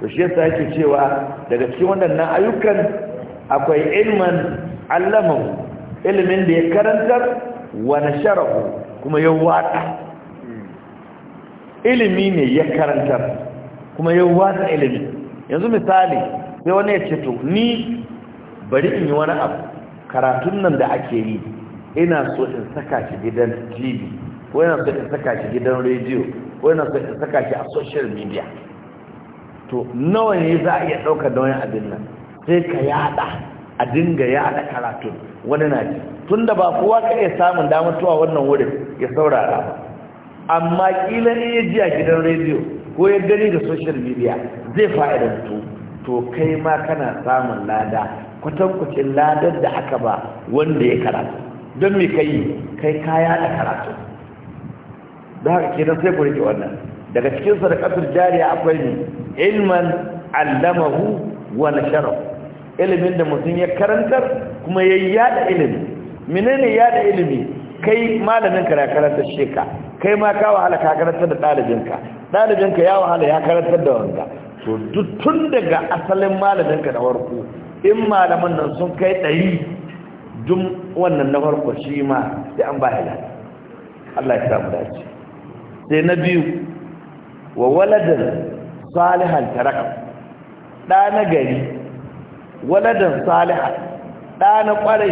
Speaker 1: to shi yasa yake cewa daga cikin wannan ayyukan akwai ilman allamahu ilimin da ya karantar wa sharafu kuma ya wata ilimi ne ya karantar kuma ya watsa ilimi yanzu misali sai wani ya ce to ni bari in yi wani abu karatun nan da ake yi ina so in saka shi gidan tv ko ina so in saka shi gidan rediyo ko ina so in saka shi a social media to nawa ne za a iya ɗaukar da wani abin nan sai ka yada a dinga yada karatun wani na ci tunda ba kowa ka iya samun damar tuwa wannan wurin ya saurara ba amma kila ne ya ji a gidan rediyo ko ya gani da social media zai fa'idantu to kai ma kana samun lada kwatankwacin ladar da aka ba wanda ya karatu don me kai kai kaya da karatu don haka kenan sai ku rike wannan daga cikin sadaqatul jariya akwai ilman allamahu wa nasharahu ilimin da mutum ya karantar kuma ya yi yada ilimi menene yada ilimi kai malamin ka ya karantar sheka kai ma ka wahala ka karantar da ɗalibinka ɗalibinka ya wahala ya karantar da wanda to duk tun daga asalin malamin ka na farko in malaman nan sun kai ɗari duk wannan na farko shi ma da an ba Allah ya samu dace sai na biyu wa waladan salihan taraka ɗa na gari waladan saliha da na kware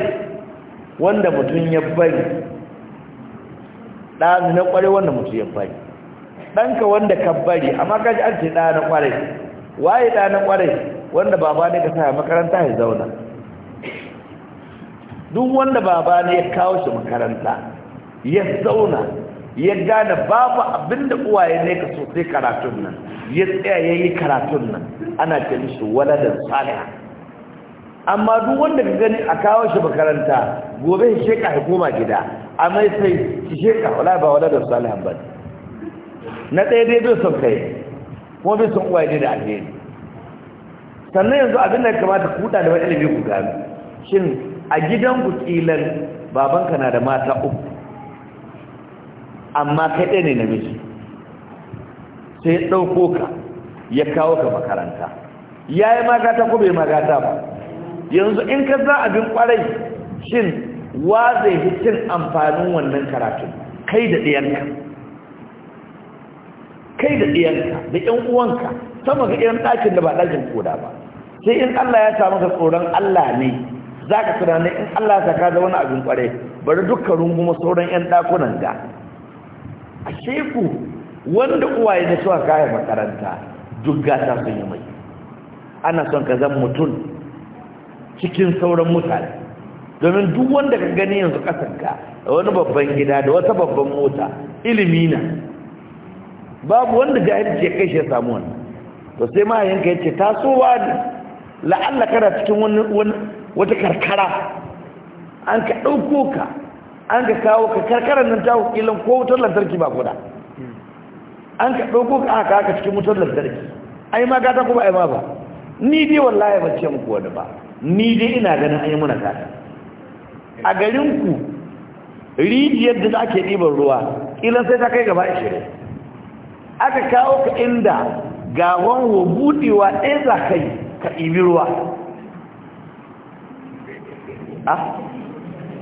Speaker 1: wanda mutum ya bari da na kware wanda mutum ya bari danka wanda ka bari amma ka ji an ce da na kware, waye da na kware wanda baba ne ka sa makaranta ya zauna duk wanda baba ne ya kawo shi makaranta ya zauna ya gane babu abinda uwaye ne ka so sai karatun nan ya tsaya ya yi karatun nan ana ce mishi waladan saliha amma duk wanda ka gani a kawo shi makaranta gobe shi sheka ya koma gida amma sai shi sheka wala ba wala da salihan ba
Speaker 2: na ɗaya dai bai son kai
Speaker 1: kuma bai son uwaye da alheri sannan yanzu abin da ya kamata ku da wani ilimi ku gano shin a gidan ku kilan babanka na da mata uku amma kai ɗaya ne namiji sai ya ɗauko ka ya kawo ka makaranta ya yi magata ko bai magata ba yanzu in ka za abin kwarai shin wa zai cin amfanin wannan karatu kai da ɗiyanka kai da ɗiyanka da ƴan uwanka sama ga irin ɗakin da ba ɗakin koda ba sai in Allah ya samu ka tsoron Allah ne za ka tunanin in Allah ya saka da wani abin kwarai bari dukkan rungumar sauran ƴan ɗakunan ga a sheku wanda uwaye na suka kaya makaranta duk gata sun yi mai ana son ka zan mutum cikin sauran mutane domin duk wanda ka gani yanzu kasanka da wani babban gida da wata babban mota ilimi na babu wanda jahilci ya kai shi ya samu wani to sai yanka ya ce tasowa la'alla kana cikin wani wata karkara an ka ɗauko ka an ka kawo ka karkarar nan ta wakilan ko wutar lantarki ba kuda an ka ɗauko ka aka aka cikin wutar lantarki ai ma gata kuma ai ma ba ni dai wallahi ba ce muku wani ba ni dai ina ganin an yi muna kada. a garinku rijiyar da ake ɗiban ruwa ƙilan sai ta kai gaba ishirin aka kawo ka inda gawon wa buɗewa ɗaya za kai ka ibi ruwa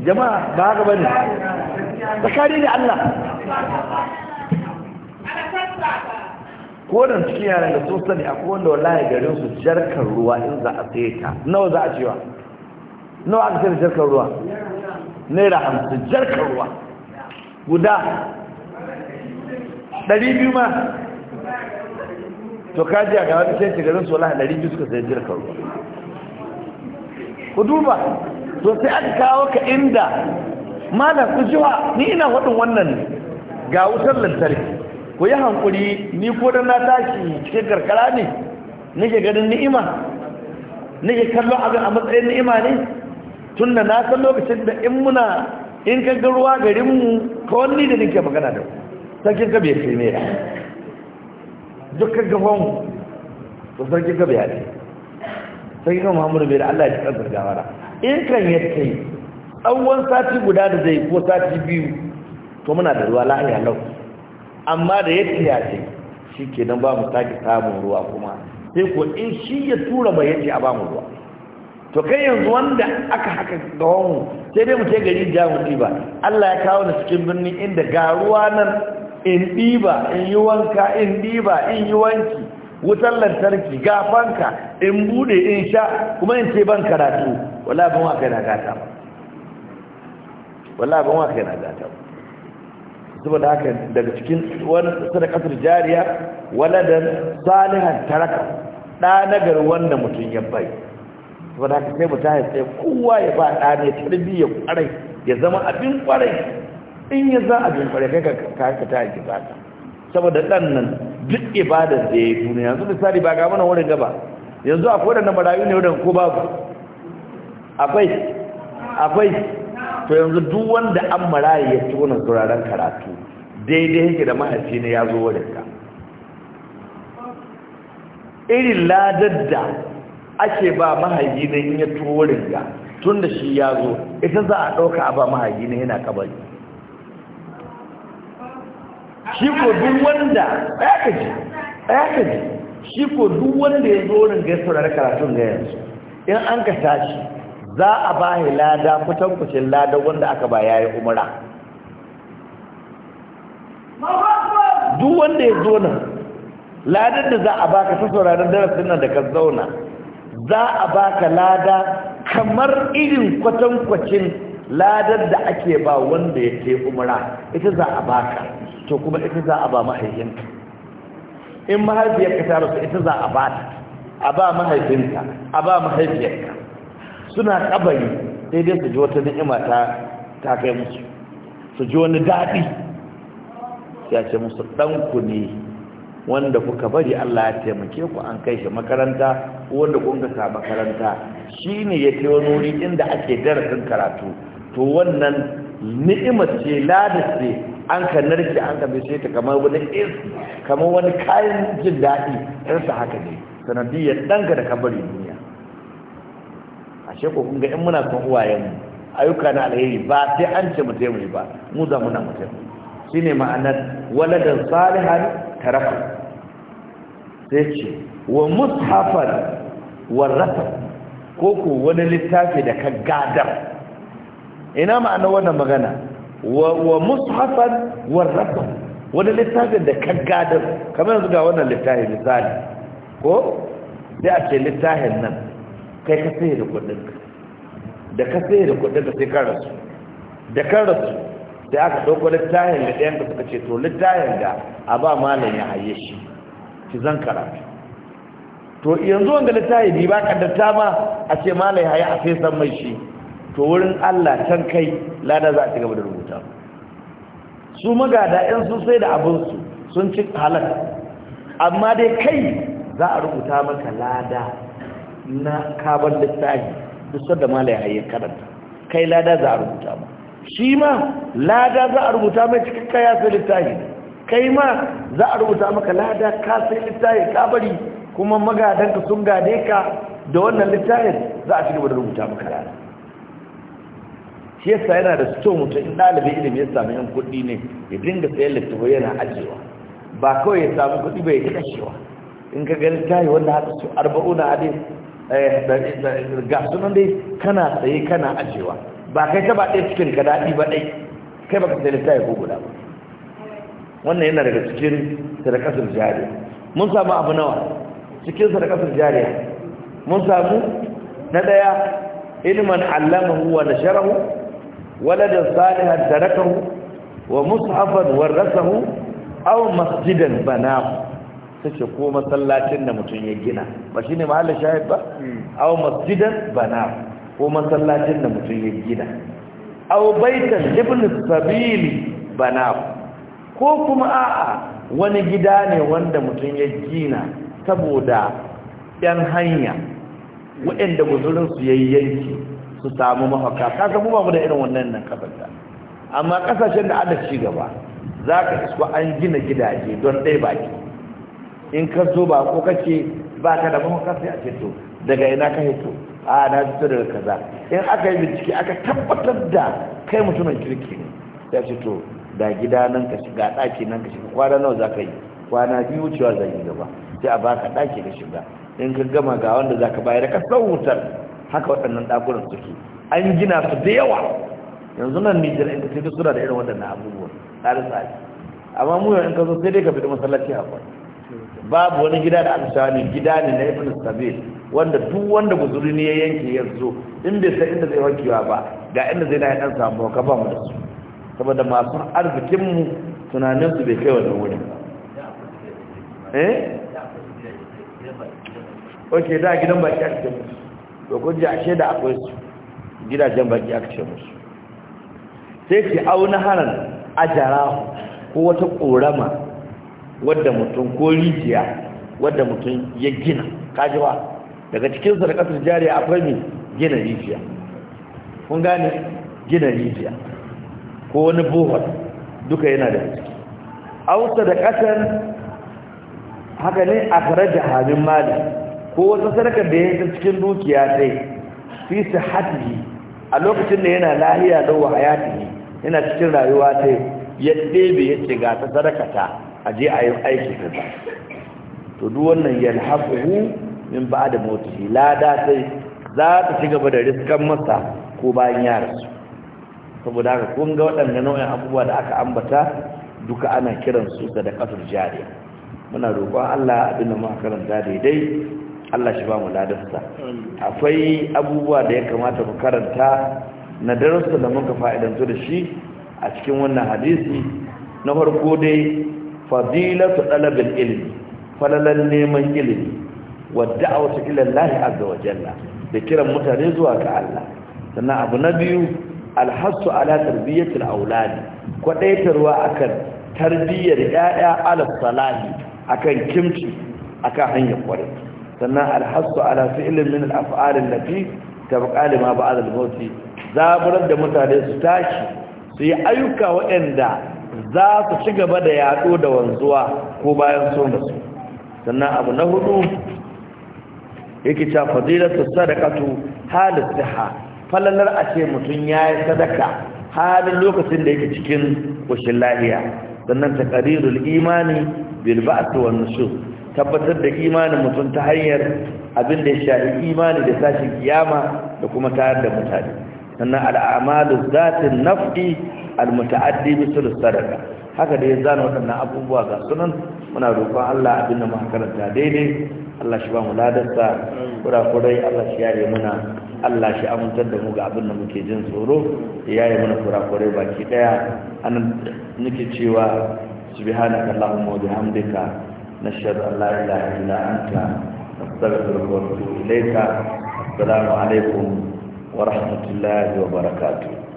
Speaker 1: jama'a ba haka ba ne kare da allah ko da cikin yaran da sun sani akwai wanda wallahi garin su jarkar ruwa in za a saye ta nawa za a cewa nawa aka sayar jarkar ruwa
Speaker 2: naira hamsin jarkar ruwa guda ɗari biyu ma to kaji a gaba sai sai garin
Speaker 1: su wallahi ɗari biyu suka sai jarkar ruwa ku duba to sai aka kawo ka inda malam ku jiwa ni ina faɗin wannan ga wutar lantarki ku yi hankuri ni ko da na tashi cikin karkara ne nake ganin ni'ima nake kallo abin a matsayin ni'ima ne tun da na san lokacin da in muna in ga ruwa garinmu ka wani da nake magana da sarkin gabe ce ne dukkan gafon to sarkin gabe ya ce sarkin gabe muhammadu bai da allah ya ci kan zargawara in kan yadda yi tsawon sati guda da zai ko sati biyu to muna da ruwa la'ayi halau amma da ya tiyace shi ke nan ba mu sake samun ruwa kuma sai ko in shi ya tura bai yace a ba mu ruwa to kai yanzu wanda aka haka gawanmu sai dai mu ce gari jamun diba Allah ya kawo ni cikin birnin inda ga ruwa nan in diba in yi wanka in ɗiba in yi wanki wutar lantarki ga fanka in bude in sha kuma in ce ban karatu wala ban wa kai na gata ba wala ban wa kai na gata ba saboda haka daga cikin wani sadakatar jariya waladan salihan taraka da nagar wanda mutum ya bai saboda haka sai mutum ya sai kowa ya ba da ne tarbiyya kwarai ya zama abin kwarai in ya za abin kwarai kai ka ka ta yi baka saboda dan nan duk ibadar da ya yi duniya yanzu misali ba ga mana wurin gaba yanzu akwai da na marayu ne wurin ko babu akwai
Speaker 2: akwai to yanzu
Speaker 1: duk wanda an maraye ya wani turaren karatu daidai yake da mahaifi ne ya zo wurinka irin ladar da ake ba mahaifi ne in ya turo wurinka tun da shi ya zo ita za a ɗauka a ba mahaifi ne yana kabari shi ko duk wanda ya ka ji kaji ka ji shi ko duk wanda ya zo wurin da karatun ga yanzu in an ka tashi za a ba shi lada kucin kucin lada wanda aka ba ya yi umara duk wanda ya zo nan ladar da za a ba ka sauraron darasin nan da ka zauna za a baka lada kamar irin kwatan kwacin ladar da ake ba wanda ya ce umara ita za a ba ka to kuma ita za a ba mahaifinka in mahaifiyarka ta rasu ita za a ba ta a ba mahaifinka a ba mahaifiyarka suna kabari daidai dai su ji wata ni'ima ta ta kai musu su ji wani daɗi ya ce musu ɗanku ne wanda kuka bari Allah ya taimake ku an kai shi makaranta wanda kun ga makaranta shine ya kai wani wuri inda ake darasin karatu to wannan niima ce lada ce an ka narke an ka bishe ta kamar wani is kamar wani kayan jin daɗi ɗansa haka ne sanadiyyar ɗanka da kabari ne ashe ko kun ga in muna son uwayenmu ayyuka na alheri ba sai an ce mu taimu ba mu za muna mu taimu shine ma'anar waladan salihan tarafa sai ce wa mushafan warrafa ko ko wani littafi da ka gadar ina ma'anar wannan magana wa mushafan warrafa wani littafin da ka gadar kamar yanzu ga wannan littafi misali ko sai a ce littafin nan kai ka sai da kudin da ka sai da kudin da sai ka rasu da ka rasu sai aka ɗauko littafin da ɗayan ka suka ce to littafin da a ba malam ya haye shi ki zan karatu to yanzu wanda littafi bi ba ka datta ma a ce malam ya haye a sai san mai shi to wurin Allah can kai lada za a ci gaba da rubuta su magada yan sun sai da abinsu sun ci halal amma dai kai za a rubuta maka lada na kabar littafi duk sanda mala ya hayyar karanta kai lada za a rubuta ba shi ma lada za a rubuta mai cikin kaya sai littafi kai ma za a rubuta maka lada ka sai littafi kabari kuma magadanka sun gade ka da wannan littafin za a cigaba da rubuta maka lada shi yasa yana da sito mutum in ɗalibin ilimi ya samu yan kuɗi ne ya dinga sayan littafi yana ajiyewa ba kawai ya samu kuɗi bai ya kashewa in ka ga littafi wanda haka su arba'una hadis Eh, ga sunan dai kana tsaye kana ajewa ba kai ta ba ɗaya cikin ka daɗi ba ɗai kai ba baka sai littafi ko guda ba wannan yana daga cikin sadakasar jariya mun samu abu nawa cikin sadakasar jariya mun samu na ɗaya ilman allamahu wa nasharahu waladan salihan tarakahu wa mushafan warasahu aw masjidan banahu ta ko masallacin da mutum ya gina ba shine ne mahallin shahid ba au masjidan bana ko masallacin da mutum ya gina au baitan ibn sabili bana ko kuma a'a wani gida ne wanda mutum ya gina saboda yan hanya waɗanda guzurinsu ya yanki su samu mafaka ga mu ba mu da irin wannan nan kasanta amma kasashen da ana ci gaba zaka ka isko an gina gidaje don ɗaya baki in ka zo ba ko kace ba ka da mamaka sai a ce daga ina ka hito a na fito daga kaza in aka yi bincike aka tabbatar da kai mutumin kirki ne ya ce to da gida nan ka shiga daki nan ka shiga kwana nawa za ka yi kwana biyu cewa zan yi gaba sai a baka daki ka shiga in ka gama ga wanda za bayar ka sautar haka waɗannan ɗakunan suke an gina su da yawa yanzu nan nijar inda sai suna da irin waɗannan abubuwan tsare tsari amma mu yau in ka zo sai dai ka fita masallaci a kwai babu wani gida da aka sani gida ne na ibn sabil wanda duk wanda guzuri ne ya yanke ya zo in bai san inda zai wankewa ba ga inda zai na dan samu ka ba mu da su saboda masu arzikin mu tunanin su bai kai wannan wurin
Speaker 2: eh okay da gidan baki aka ce
Speaker 1: musu to ko ji ashe da akwai su gidajen baki aka ce musu sai ki auna haran ajara ko wata korama wadda mutum ko rijiya wadda mutum ya gina kajiwa daga cikin sadakatul jariya akwai ne gina rijiya kun gane gina rijiya ko wani bohol duka yana da ciki da ƙasar haka ne a akhraja hamin mali ko wata sadakar da yake cikin dukiya sai fi sihhatihi a lokacin da yana lahiya don wa hayatihi yana cikin rayuwa sai ya ɗebe ya ce ga ta sadakata a je a yi aiki ba to duk wannan yalhaquhu min ba'da mawtihi lada sai za ta ci gaba da riskan masa ko bayan ya rasu saboda haka kun ga waɗanda nau'in abubuwa da aka ambata duka ana kiran su kasar jariya muna roƙon Allah da mu karanta daidai Allah shi ba mu ladarsa akwai abubuwa da ya kamata mu karanta na darussa da muka fa'idantu da shi a cikin wannan hadisi na farko dai fadilatu talabil ilmi falalan neman ilimi wa da'awatu ila Allah azza wa jalla da kiran mutane zuwa ga Allah sannan abu na biyu alhasu ala tarbiyatil aulad kwadaitarwa akan tarbiyyar yaya ala salahi akan kimci akan hanyar kware sannan alhasu ala fi'lin min al-af'al allati tabqa lima ba'd al-maut zaburar da mutane su tashi su yi ayyuka waɗanda za su ci gaba da yaɗo da wanzuwa ko bayan so su sannan abu na hudu yake cewa fadilatu sadaqatu halin siha falalar a ce mutum yayi sadaka halin lokacin da yake cikin koshin lahiya sannan taqrirul imani bil ba'th wan nushur tabbatar da imanin mutum ta hanyar abin da ya shafi imani da tashin kiyama da kuma tayar da mutane sannan al'amalu zatin naf'i almuta'addi bi sulus sadaka haka dai zan zana waɗannan abubuwa ga sunan muna roƙon Allah abinda mu karanta daidai Allah shi ba mu ladarsa kurakurai Allah shi yare muna Allah shi amintar da mu ga abinda muke jin tsoro ya yare muna kurakurai baki daya anan nake cewa subhanaka allahumma wa bihamdika nashhadu an la ilaha illa anta nastaghfiruka wa natubu ilayka assalamu alaikum wa rahmatullahi wa barakatuh